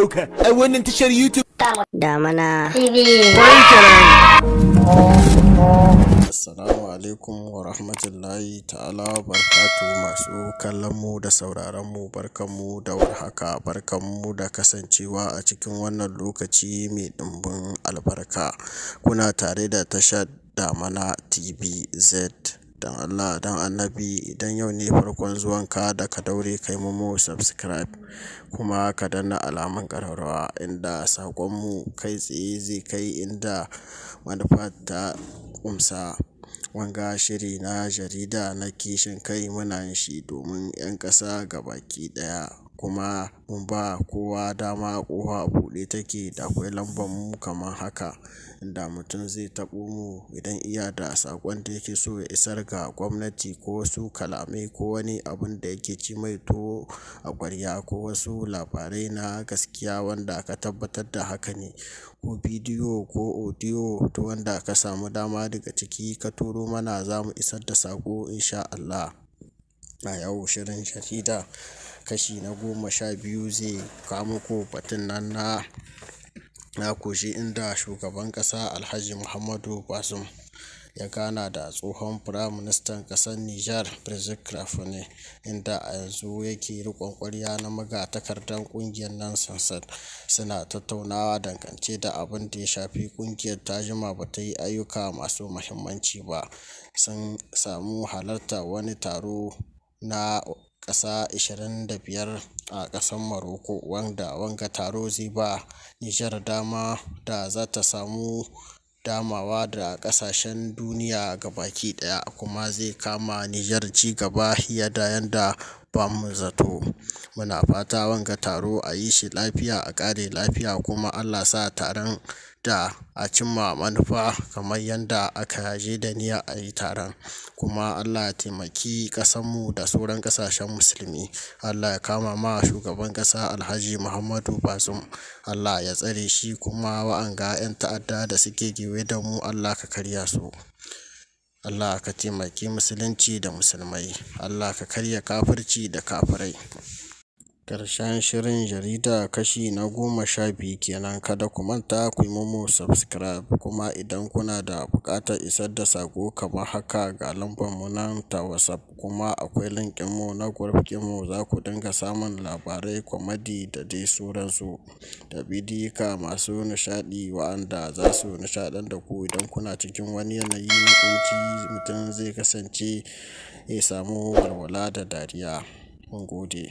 dauka a wannan tashar YouTube. mana Assalamu alaikum wa rahmatullahi ta'ala barkatu masu kallon mu da sauraron mu barkanmu da warhaka barkanmu da kasancewa a cikin wannan lokaci mai ɗimbin albarka kuna tare da tashar Damana TVZ. Dan Allah, dan annabi idan yau ne farkon zuwan ka da ka daure kai yi mu subscribe kuma ka danna alaman ƙararrawa inda saƙonmu kai tsaye zai kai inda manufa ta ƙumsa. Wanga shiri na jarida na kishin kai muna yin shi domin 'yan ƙasa gabaki ɗaya. kuma mun ba kowa dama ƙoha a buɗe take da akwai lambar mu kamar haka inda mutum zai taɓo mu idan iya da saƙon da yake so ya isar ga gwamnati ko wasu kalamai ko wani abun da yake ci mai tuwo a ƙwarya ko wasu labarai na gaskiya wanda ka tabbatar da haka ne ko bidiyo ko audio to wanda ka samu dama daga ciki ka turo mana za mu isar da saƙo in sha Allah. A yau shirin jarida kashi na goma sha biyu zai kamo ko batun nan na na koshi inda shugaban kasa Alhaji Muhammadu basum ya gana da tsohon firaministan kasar Nijar brazil krafone inda a yanzu yake riƙon ƙwarya na magatakardar ƙungiyar nan sansan suna tattaunawa dangance da abin da ya shafi ƙungiyar ta jima ba ta yi ayyuka masu muhimmanci ba sun samu halarta wani taro na ƙasa 25 a ƙasar maroko wanda wanga taro zai ba Nijar dama da za ta samu damawa da ƙasashen duniya gabaki ɗaya kuma zai kama Nijar ci gaba yadda yadda. ba mu zato. Muna fata wanga taro a yi shi lafiya a ƙare lafiya kuma Allah sa taron da a cimma manufa kamar yadda aka je da niyya a yi taron. Kuma Allah ya taimaki ƙasarmu da sauran ƙasashen musulmi. Allah ya kama ma shugaban ƙasa Alhaji Muhammadu Bazum. Allah ya tsare shi kuma wa'anga 'yan ta'adda da suke kewaye da mu Allah ka karya su. Allah ka taimaki musulunci da musulmai. Allah ka karya kafirci da kafirai. karshen shirin jarida kashi na goma sha biyu kenan Kada ku manta ku yi muna subscribe kuma idan kuna da bukatar isar da sako kamar haka ga lambar mu nan ta WhatsApp kuma akwai linkinmu mu na group mu za ku dinga samun labarai, kwamadi da dai sauransu da bidiyuka masu nishaɗi wa'anda za su nishaɗantar da ku idan kuna cikin wani yanayi na ƙunci mutum zai kasance ya samu walwala da dariya. 红谷地。